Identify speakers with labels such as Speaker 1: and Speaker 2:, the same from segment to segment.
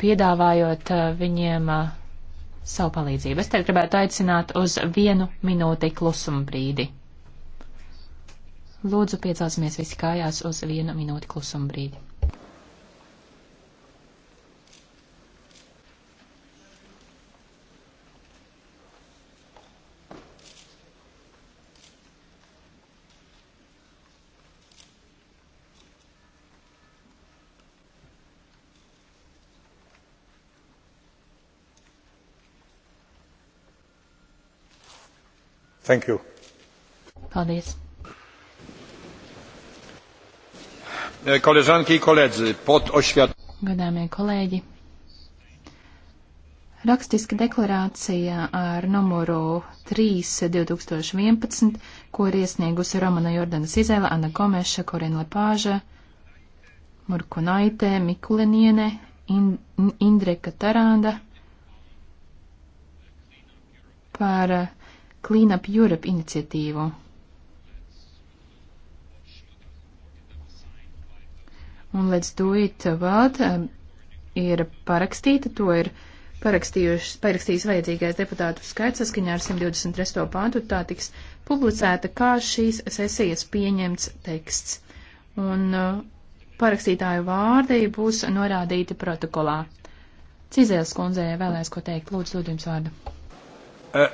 Speaker 1: piedāvājot eh, viņiem eh, savu palīdzību. Es te gribētu aicināt uz vienu minūti klusuma brīdi. Lūdzu, piecelsimies visi kājās uz vienu minūti klusuma brīdi. Thank you. Paldies. E, koleżanki i koledzy, pod oświat... Gadāmie kolēģi, Rakstiska deklarācija ar numuru 3 2011, ko ir iesniegusi Romana Jordanas Izēla, Anna Gomeša, Korina Lepāža, Murku Naitē, Mikuliniene, In Indreka Taranda par Clean Up Europe iniciatīvu. Un Let's Do It What um, ir parakstīta, to ir parakstījis vajadzīgais deputātu skaits saskaņā ar 123. pantu, tā tiks publicēta kā šīs sesijas pieņemts teksts. Un uh, parakstītāju vārdi būs norādīti protokolā. Cizēls kundzei vēlēs ko teikt, lūdzu, dod jums vārdu. Uh.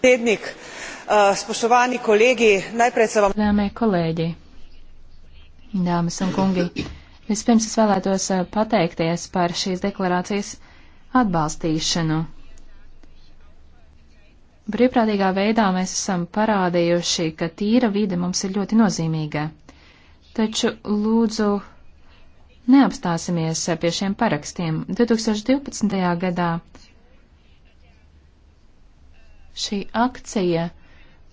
Speaker 1: Predsednik, eh, spoštovani kolegi, najprej se vam. Dāmē kolēģi, dāmas un kungi, vispirms es vēlētos eh, pateikties par šīs deklarācijas atbalstīšanu. Brīvprātīgā veidā mēs esam parādījuši, ka tīra vide mums ir ļoti nozīmīga. Taču lūdzu neapstāsimies pie šiem parakstiem. 2012. gadā Šī akcija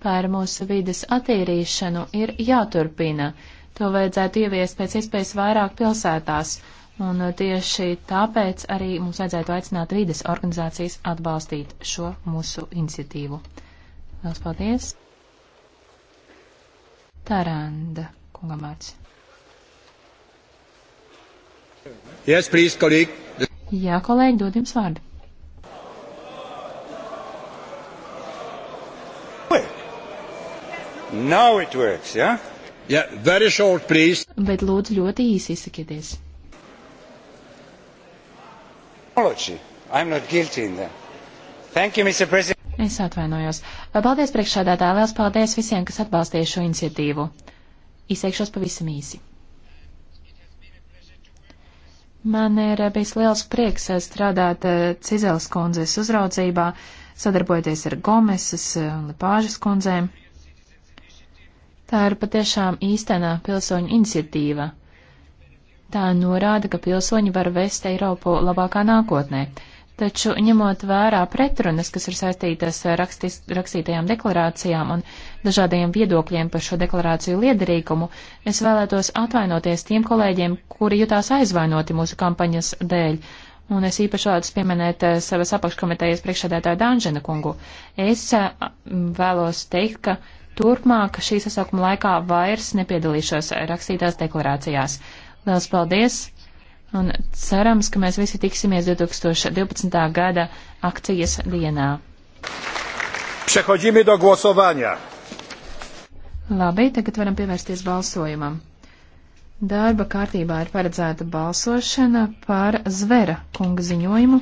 Speaker 1: par mūsu vides attīrīšanu ir jāturpina. To vajadzētu ieviest pēc iespējas vairāk pilsētās, un tieši tāpēc arī mums vajadzētu aicināt vides organizācijas atbalstīt šo mūsu iniciatīvu. Lielas paldies! Taranda kungam vārds. Yes, please, kolēģi. Jā, kolēģi, dod jums vārdu. Now it works, yeah? Yeah, very short, please. Bet lūdzu ļoti īsi izsakieties. Apology. I'm not guilty in that. Thank you, Mr. President. Es atvainojos. Paldies priekšsādātāji, liels paldies visiem, kas atbalstīja šo iniciatīvu. Izteikšos pavisam īsi. Man ir bijis liels prieks strādāt eh, Cizels kundzes uzraudzībā, sadarbojoties ar Gomesas eh, un Lepāžas kundzēm. Tā ir patiešām īstenā pilsoņu iniciatīva. Tā norāda, ka pilsoņi var vest Eiropu labākā nākotnē, taču ņemot vērā pretrunas, kas ir saistītas rakstis, rakstītajām deklarācijām un dažādajiem viedokļiem par šo deklarāciju liederīgumu, es vēlētos atvainoties tiem kolēģiem, kuri jutās aizvainoti mūsu kampaņas dēļ. Un es īpaši vēlētos pieminēt eh, savas apakškomitejas priekšsēdētāju Danžena kungu. Es eh, vēlos teikt, ka Turpmāk šī sasaukuma laikā vairs nepiedalīšos rakstītās deklarācijās. Liels paldies! Un cerams, ka mēs visi tiksimies 2012. gada akcijas dienā. Przechodzimy do głosowania. Labi, tagad varam pievērsties balsojumam. Darba kārtībā ir paredzēta balsošana par zvera kunga ziņojumu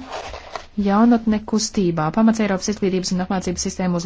Speaker 1: jaunatne kustībā pamats Eiropas izglītības un apmācības sistēmu uz